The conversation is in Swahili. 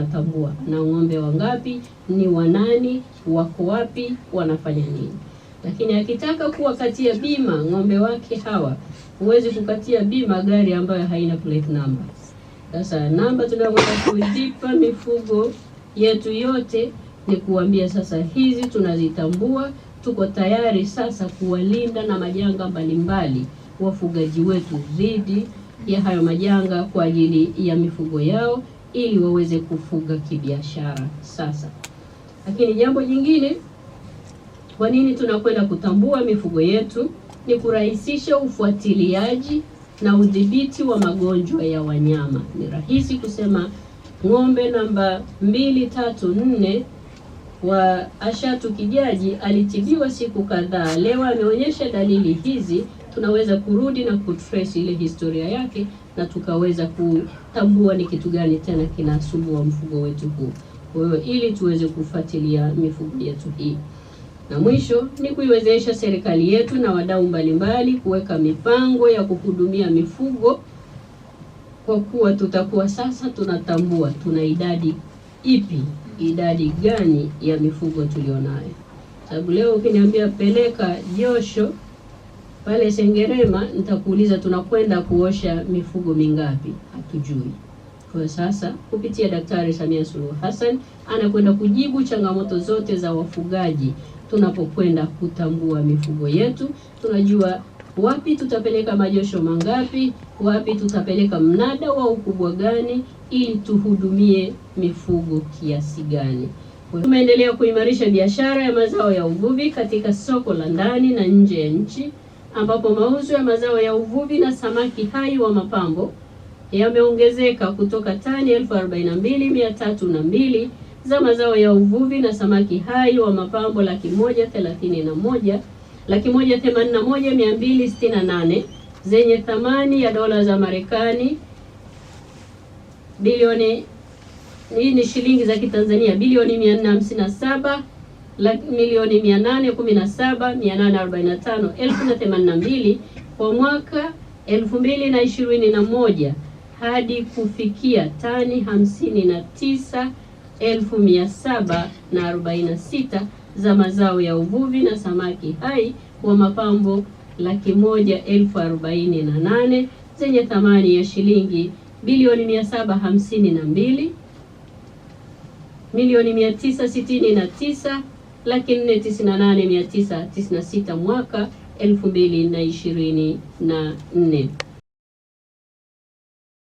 natambua na ng'ombe wangapi ni wanani, wako wapi, wanafanya nini. Lakini akitaka kuwakatia bima ng'ombe wake hawa, huwezi kukatia bima gari ambayo haina plate number. Sasa namba tunayokwenda kuzipa mifugo yetu yote ni kuambia sasa, hizi tunazitambua, tuko tayari sasa kuwalinda na majanga mbalimbali wafugaji wetu dhidi ya hayo majanga kwa ajili ya mifugo yao ili waweze kufuga kibiashara sasa. Lakini jambo jingine, kwa nini tunakwenda kutambua mifugo yetu? Ni kurahisisha ufuatiliaji na udhibiti wa magonjwa ya wanyama. Ni rahisi kusema ng'ombe namba mbili tatu nne wa Ashatu Kijaji alitibiwa siku kadhaa, leo ameonyesha dalili hizi tunaweza kurudi na kutrace ile historia yake na tukaweza kutambua ni kitu gani tena kinasumbua mfugo wetu huu. Kwa hiyo ili tuweze kufuatilia mifugo yetu hii, na mwisho ni kuiwezesha serikali yetu na wadau mbalimbali kuweka mipango ya kuhudumia mifugo, kwa kuwa tutakuwa sasa tunatambua tuna idadi ipi, idadi gani ya mifugo tulionayo, sababu leo ukiniambia peleka josho pale Sengerema nitakuuliza tunakwenda kuosha mifugo mingapi? Hatujui. Kwa sasa kupitia Daktari Samia Suluhu Hassan anakwenda kujibu changamoto zote za wafugaji tunapokwenda kutambua mifugo yetu. Tunajua wapi tutapeleka majosho mangapi, wapi tutapeleka mnada wa ukubwa gani, ili tuhudumie mifugo kiasi gani. Tumeendelea kuimarisha biashara ya mazao ya uvuvi katika soko la ndani na nje ya nchi ambapo mauzo ya mazao ya uvuvi na samaki hai wa mapambo yameongezeka kutoka tani elfu na mbili za mazao ya uvuvi na samaki hai wa mapambo laki moja thelathini na moja laki moja themanini na moja mia mbili sitini na nane zenye thamani ya dola za Marekani bilioni hii ni shilingi za Kitanzania bilioni 457 milioni 817,845,082 kwa mwaka 2021 hadi kufikia tani 59,746 za mazao ya uvuvi na samaki hai wa mapambo laki moja elfu arobaini na nane zenye thamani ya shilingi bilioni mia saba hamsini na mbili milioni mia tisa sitini na tisa laki nne tisini na nane mia tisa tisini na sita mwaka elfu mbili na ishirini na nne.